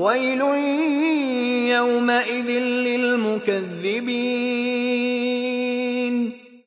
ويل يومئذ للمكذبين